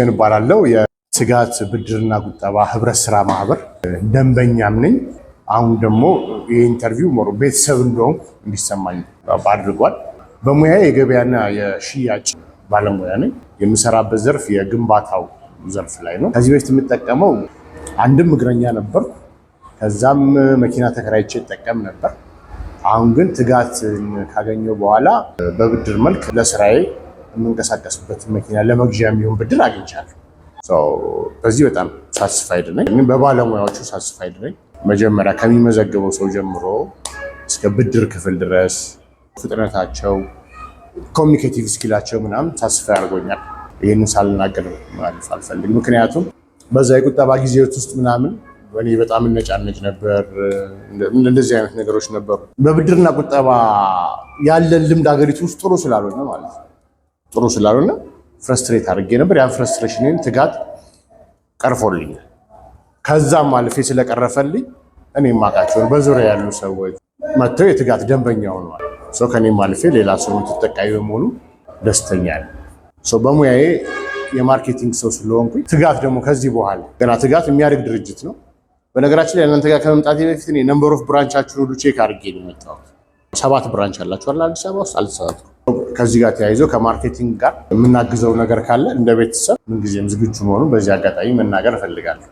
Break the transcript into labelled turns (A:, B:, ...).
A: ተመስገን እባላለሁ። የስጋት ብድርና ቁጠባ ህብረት ስራ ማህበር ደንበኛም ነኝ። አሁን ደግሞ የኢንተርቪው ቤተሰብ እንደሆን እንዲሰማኝ አድርጓል። በሙያ የገበያና የሽያጭ ባለሙያ ነኝ። የምሰራበት ዘርፍ የግንባታው ዘርፍ ላይ ነው። ከዚህ በፊት የምጠቀመው አንድም እግረኛ ነበር። ከዛም መኪና ተከራይቼ እጠቀም ነበር። አሁን ግን ትጋት ካገኘው በኋላ በብድር መልክ ለስራዬ የምንቀሳቀስበት መኪና ለመግዣ የሚሆን ብድር አግኝቻለሁ። በዚህ በጣም ሳስፋይድ ነኝ፣ በባለሙያዎቹ ሳስፋይድ ነኝ። መጀመሪያ ከሚመዘግበው ሰው ጀምሮ እስከ ብድር ክፍል ድረስ ፍጥነታቸው፣ ኮሚኒኬቲቭ ስኪላቸው ምናምን ሳስፋ ያደርጎኛል። ይህንን ሳልናገር ማለፍ አልፈልግ። ምክንያቱም በዛ የቁጠባ ጊዜዎች ውስጥ ምናምን እኔ በጣም እነጫነጭ ነበር። እንደዚህ አይነት ነገሮች ነበሩ። በብድርና ቁጠባ ያለን ልምድ ሀገሪቱ ውስጥ ጥሩ ስላልሆነ ማለት ነው ጥሩ ስላልሆነ ፍረስትሬት አድርጌ ነበር። ያን ፍረስትሬሽንን ትጋት ቀርፎልኛል። ከዛም አልፌ ስለቀረፈልኝ እኔ ማቃቸው በዙሪያ ያሉ ሰዎች መጥተው የትጋት ደንበኛ ሆነዋል። ሰው ከኔም አልፌ ሌላ ሰው ተጠቃሚ በመሆኑ ደስተኛ ነው። በሙያዬ የማርኬቲንግ ሰው ስለሆንኩኝ ትጋት ደግሞ ከዚህ በኋላ ገና ትጋት የሚያደግ ድርጅት ነው። በነገራችን ላይ እናንተ ጋር ከመምጣቴ በፊት ነምበር ኦፍ ብራንቻችሁን ሁሉ ቼክ አድርጌ ነው የመጣሁት። ሰባት ብራንች አላችኋል አዲስ አበባ ውስጥ አልተሳሳትኩም። ከዚህ ጋር ተያይዞ ከማርኬቲንግ ጋር የምናግዘው ነገር ካለ እንደ ቤተሰብ ምንጊዜም ዝግጁ መሆኑን በዚህ አጋጣሚ መናገር እፈልጋለሁ።